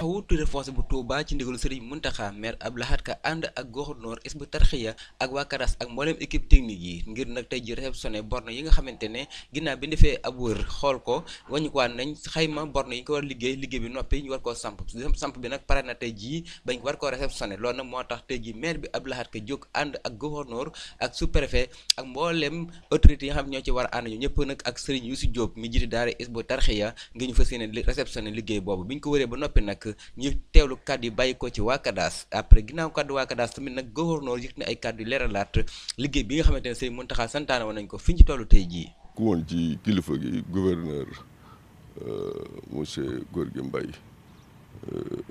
taxawu tour de force bu Touba ci ndigalu Serigne Mountakha maire Abdou Lahad Ka ànd ak gouverneur Hizbut Tarqiyyah ak waa ak mbooleem équipe technique yi ngir nag tey ji réceptionné borne yi nga xamante ne ginnaaw bi ñu defee ab wër xool ko wàññikuwaat nañ xayma yi ko liggéey liggéey bi noppi ñu war koo samp samp bi nag pare na tey jii bañ war koo réceptionné loolu nag moo tax tey ji maire bi Abdou Lahad Ka jóg ànd ak gouverneur ak sous-préfet ak mbooleem autorités yi nga xam ñoo ci war a ànd ñu ñëpp nag ak Serigne Youssou Diop mi jiite daara Hizbut Tarqiyyah ngir ñu fas yéene liggéey boobu biñ ko wëree ba noppi nag ñu teewlu kàddu yu bàyyi ko ci waa CADAS après ginnaaw kàddu waa CADAS tamit nag gouverneur yëg na ay kàddu yu leeralaat liggéey bi nga xamante ne Serigne Mountakha santaane woon nañ ko fi ñu tollu tey jii. ku woon ci kilifa gi gouverneur euh, monsieur Gorgui Mbaye euh,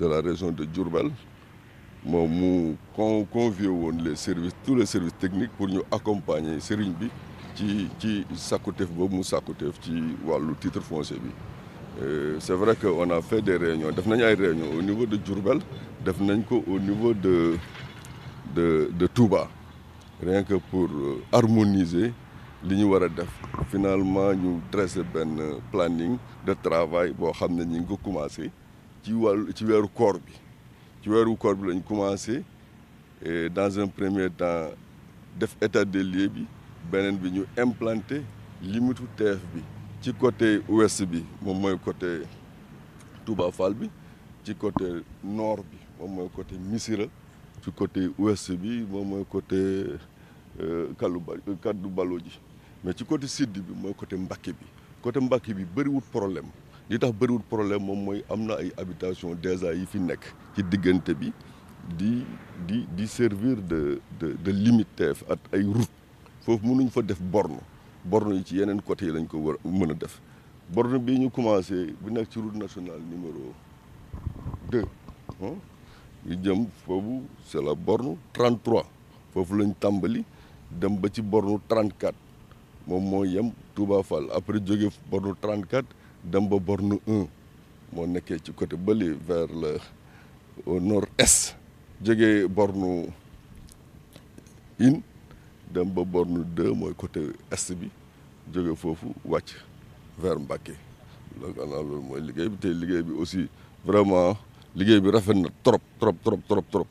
de la région de Diourbel moom mu con convié woon le service tous les services techniques pour ñu accompagner Serigne bi ci ci sàkkuteef boobu mu sàkkuteef ci wàllu titre foncier bi. Euh, c'est vrai qu'on a fait des réunions. Nous avons fait des réunions au niveau de Djurbel, au niveau de, de, de Touba. Rien que pour euh, harmoniser ce qu'on Finalement, nous tracé un planning de travail pour que nous avons commencé. Ci wéru koor bi ci wéru koor bi lañ commencé et dans un premier temps def état des lieux bi beneen bi ñu implanté de la TFB du côté ouest je suis du côté Touba Fall du côté nord je suis du côté Missira du côté ouest je suis du côté euh, euh, de ji mais ci côté sud bi le côté Mbacké bi côté Mbacké bi y problème de de problèmes. problème y beaucoup de problèmes. ay habitation déjà yi fi qui ci diggante bi di di di servir de de de limite Il ay route nous mënuñ faire des bornes. borne yi ci yeneen côté yi lañ ko war mën a def borne bi ñu commencé bu nekk ci route nationale numéro 2 ñu jëm foofu c'est la borne 33 foofu lañ tàmbali dem ba ci borne 34 moom moo yem Touba Fall après jóge borne 34 dem ba borne 1 moo nekkee ci côté bële vers le au nord-est jógee borne une dem ba borne 2 moy côté est bi jóge fofu wacc vers Mbacké donc ana lool moy liguey bi té liguey bi aussi vraiment liguey bi rafet na trop trop trop trop trop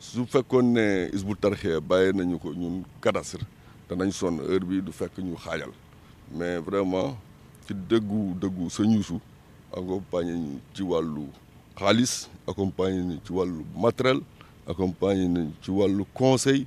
su fekkone ne Hizbut Tarqiyyah bàyyi nañu ko ñun cadastre nañ son heure bi du fekk ñu xajal mais vraiment ci deggu deggu Sëñ Youssou accompagné ñu ci walu xaalis accompagner ñu ci walu matériel accompagner ñu ci walu conseil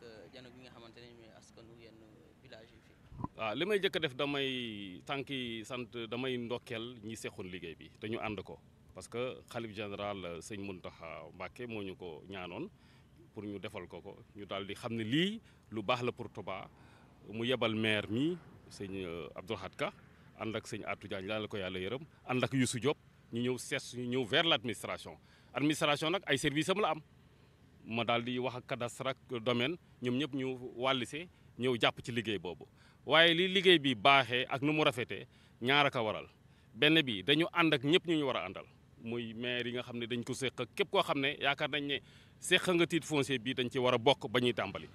ak jano euh, gi nga xamante ne mooy askanu yenn euh, village yi fii. waaw ah, li may njëkk def damay tànki sant damay ndokkeel ñi seqoon liggéey bi te ñu ànd ko parce que xalif général euh, sëñ tax Mbacké moo ñu ko ñaanoon pour ñu defal ko ko ñu daal di xam ne lii lu baax la pour Touba mu yebal maire mi sëñ Abdou Lahad Ka ànd ak sëñ Atou Diagne daal la ko yàlla yërëm ànd ak Youssou Diop ñu ñëw seet ñu ñëw vers l' administration administration nag ay service am la am. ma daal di wax ak cadastre ak domaine ñoom ñëpp ñu wàllise ñëw jàpp ci liggéey boobu waaye li liggéey bi baaxee ak nu mu rafetee ñaar a ko waral benn bi dañu ànd ak ñëpp ñu ñu war a àndal muy maire yi nga xam ne dañ ko séq ak képp koo xam ne yaakaar nañ ne séq nga tiit foncier bi dañ ci war a bokk ba ñuy tàmbali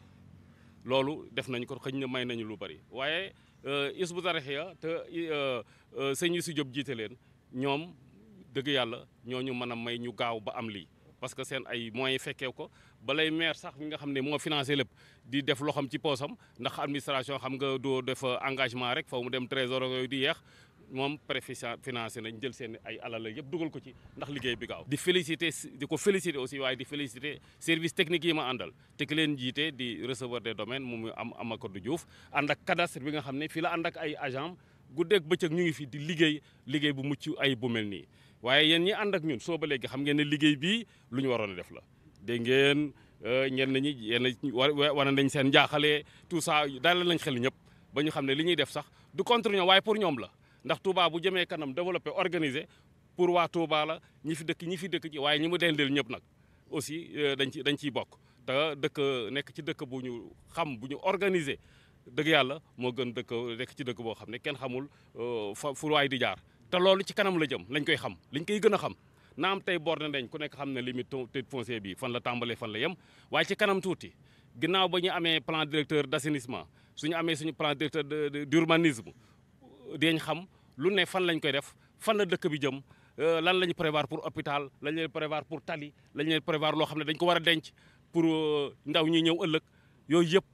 loolu def nañ ko xëñ ne may nañu lu bari waaye euh, Hizbut Tarqiyyah te euh, euh, sëñ Youssou Diop jiite leen ñoom dëgg yàlla ñoo ñu mën a may ñu gaaw ba am lii parce que seen ay moyens fekkee ko balay maire sax mi nga xam ne moo financé lépp di def loxam ci poosam ndax administration xam nga doo def engagement rek faw mu dem trésor yooyu di yeex moom préfet financé nañ jël seen ay alal la yëpp dugal ko ci ndax liggéey bi gaaw di félicité di ko félicité aussi waaye di félicité service technique yi ma àndal te ki leen jiite di receveur des domaines mu mu am Amakodou Diouf ànd ak cadastre bi nga xam ne fii la ànd ak ay agent guddeeg bëccëg ñu ngi fi di liggéey liggéey bu mucc ay bu mel waaye yéen ñi ànd ak ñun soo ba léegi xam ngeen ne liggéey bii lu ñu waroon a def la dégg ngeen euh, ñenn ñi yenn wane nañ seen njaaxale tout ça dalal nañ xel ñëpp ba ñu xam ne li ñuy def sax du contre ñoom waaye pour ñoom la ndax Touba bu jëmee kanam développé organisé pour waa Touba la ñi fi dëkk ñi fi dëkk ci waaye ñi mu dendeel ñëpp nag aussi euh, dañ ci dañ ciy bokk te dëkk nekk ci dëkk bu ñu xam bu ñu organisé dëgg yàlla moo gën dëkk nekk ci dëkk boo xam ne kenn xamul euh, fa fu waay di jaar te loolu ci kanam la jëm lañ koy xam lañ koy gën a xam na am tey borne dañ ku nekk xam ne limite foncier bi fan la tàmbalee fan la yem waaye ci kanam tuuti ginnaaw ba ñu amee plan directeur d' assainissement suñu amee suñu plan directeur d' urbanisme dañ xam lu ne fan lañ koy def fan la dëkk bi jëm euh, lan la ñu prévoir pour hôpital lañ leen prévoir pour tali lañu leen prévoir loo xam ne dañ ko war a denc pour euh, ndaw ñi ñëw ëllëg yooyu yëpp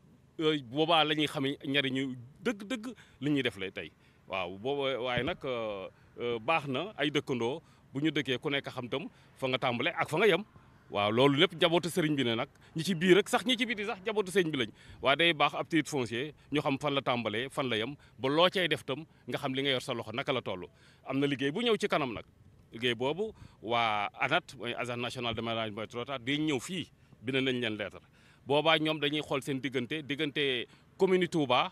boobaa la ñuy xam njariñu dëgg-dëgg li ñuy def lay tey waaw booba waaye nag euh, Euh, baax na ay dëkkandoo bu ñu dëkkee ku nekk xam tam fa nga tàmbalee ak fa nga yem waaw loolu lépp jabootu sëriñ bi ne nag ñi ci biir rek sax ñi ci biti sax jabootu sëriñ bi lañ waa day baax ab titre foncier ñu xam fan la tàmbalee fan la yem ba loo cay def tam nga xam li nga yor sa loxo naka la toll am na liggéey bu ñëw ci kanam nag liggéey boobu waa ANAT mooy agence nationale de management territorial day ñëw fii bind nañ leen lettre boobaa ñoom dañuy xool seen diggante diggante commune Touba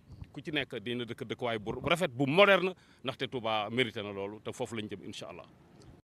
ku ci nekk dina dëkk dëkkuwaay bu rafet bu moderne ndaxte Touba mérité na loolu te foofu lañ jëm incha allah.